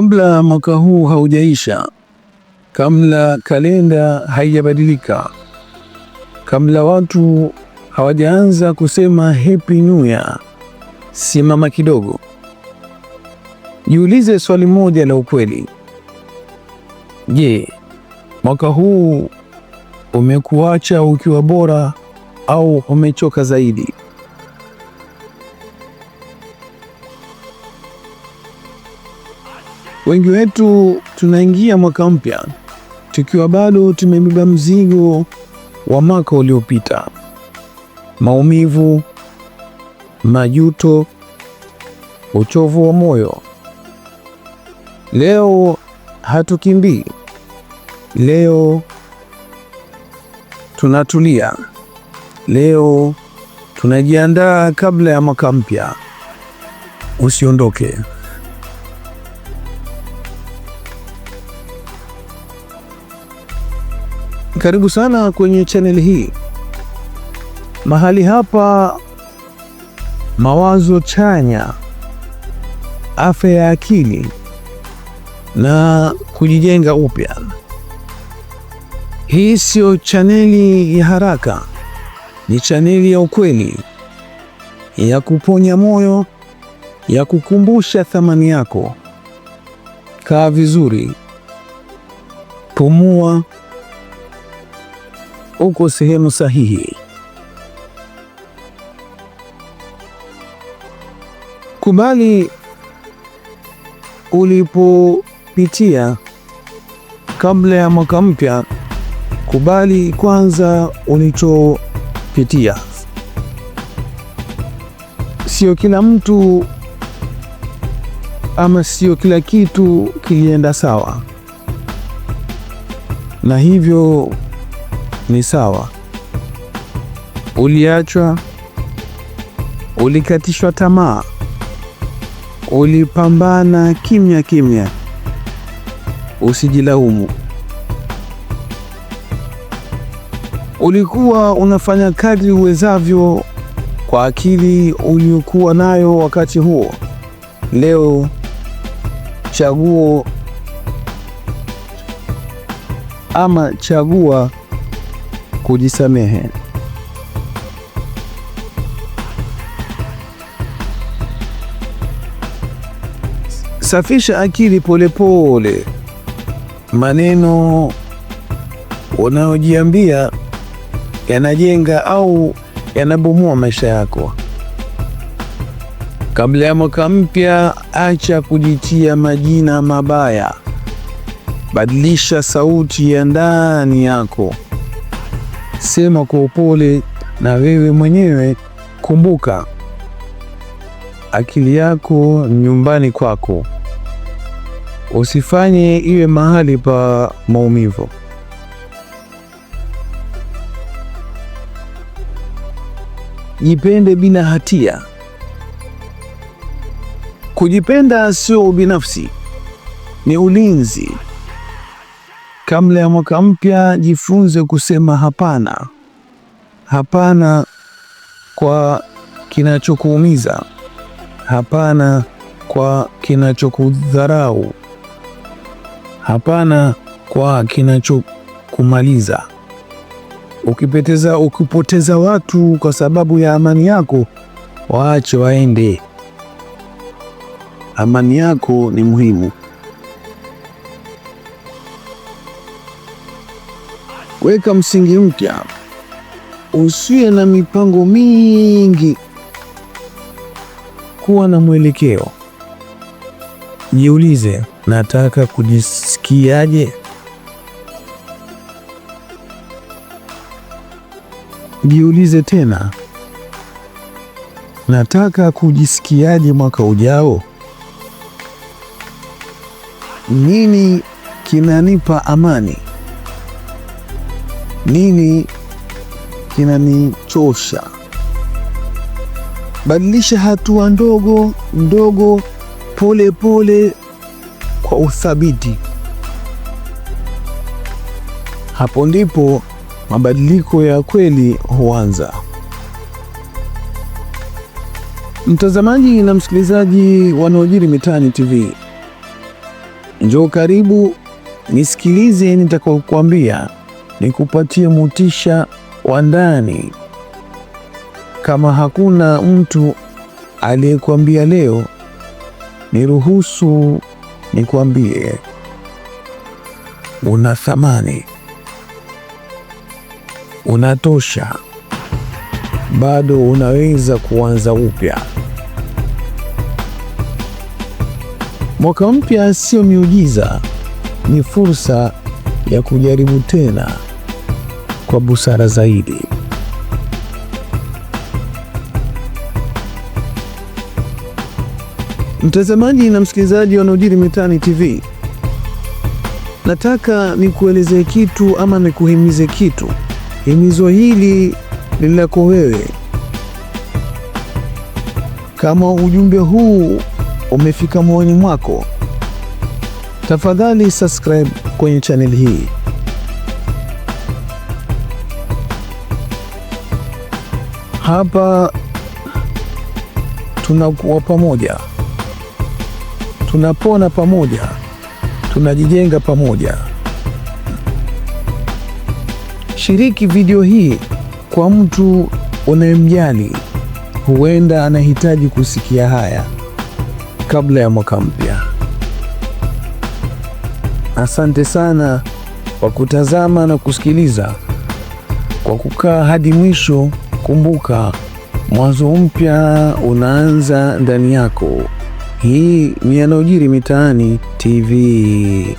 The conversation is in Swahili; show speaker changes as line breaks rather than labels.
kabla mwaka huu haujaisha, kabla kalenda haijabadilika, kabla watu hawajaanza kusema happy new year, simama kidogo, jiulize swali moja la ukweli. Je, mwaka huu umekuacha ukiwa bora au umechoka zaidi? Wengi wetu tunaingia mwaka mpya tukiwa bado tumebeba mzigo wa mwaka uliopita: maumivu, majuto, uchovu wa moyo. Leo hatukimbii, leo tunatulia, leo tunajiandaa kabla ya mwaka mpya. Usiondoke. Karibu sana kwenye chaneli hii. Mahali hapa mawazo chanya, afya ya akili na kujijenga upya. Hii siyo chaneli ya haraka, ni chaneli ya ukweli, ya kuponya moyo, ya kukumbusha thamani yako. Kaa vizuri, pumua uko sehemu sahihi. Kubali ulipopitia kabla ya mwaka mpya. Kubali kwanza ulichopitia. Sio kila mtu ama sio kila kitu kilienda sawa, na hivyo ni sawa. Uliachwa, ulikatishwa tamaa, ulipambana kimya kimya. Usijilaumu. Ulikuwa unafanya kadri uwezavyo kwa akili uliokuwa nayo wakati huo. Leo chaguo ama chagua kujisamehe. Safisha akili polepole pole. Maneno unayojiambia yanajenga au yanabomoa maisha yako. Kabla ya mwaka mpya, acha kujitia majina mabaya. Badilisha sauti ya ndani yako sema kwa upole na wewe mwenyewe. Kumbuka, akili yako nyumbani kwako, usifanye iwe mahali pa maumivu. Jipende bila hatia. Kujipenda sio ubinafsi, ni ulinzi. Kabla ya mwaka mpya, jifunze kusema hapana. Hapana kwa kinachokuumiza, hapana kwa kinachokudharau, hapana kwa kinachokumaliza. Ukipoteza, ukipoteza watu kwa sababu ya amani yako, waache waende. Amani yako ni muhimu. Weka msingi mpya, usiwe na mipango mingi, kuwa na mwelekeo. Jiulize, nataka kujisikiaje? Jiulize tena, nataka kujisikiaje mwaka ujao? Nini kinanipa amani? nini kinanichosha? Badilisha hatua ndogo ndogo, pole pole, kwa uthabiti. Hapo ndipo mabadiliko ya kweli huanza. Mtazamaji na msikilizaji yanayojiri mitaani TV, njoo karibu nisikilize nitakokuambia nikupatie mutisha wa ndani. Kama hakuna mtu aliyekuambia leo, niruhusu nikuambie una thamani, unatosha, bado unaweza kuanza upya. Mwaka mpya sio miujiza, ni fursa ya kujaribu tena kwa busara zaidi. Mtazamaji na msikilizaji yanayojiri mitaani TV, nataka nikuelezee kitu ama nikuhimize kitu. Himizo hili ni lako wewe. Kama ujumbe huu umefika moyoni mwako, tafadhali subscribe kwenye channel hii. hapa tunakuwa pamoja, tunapona pamoja, tunajijenga pamoja. Shiriki video hii kwa mtu unayemjali, huenda anahitaji kusikia haya kabla ya mwaka mpya. Asante sana kwa kutazama na kusikiliza, kwa kukaa hadi mwisho. Kumbuka, mwanzo mpya unaanza ndani yako. Hii ni yanayojiri mitaani TV.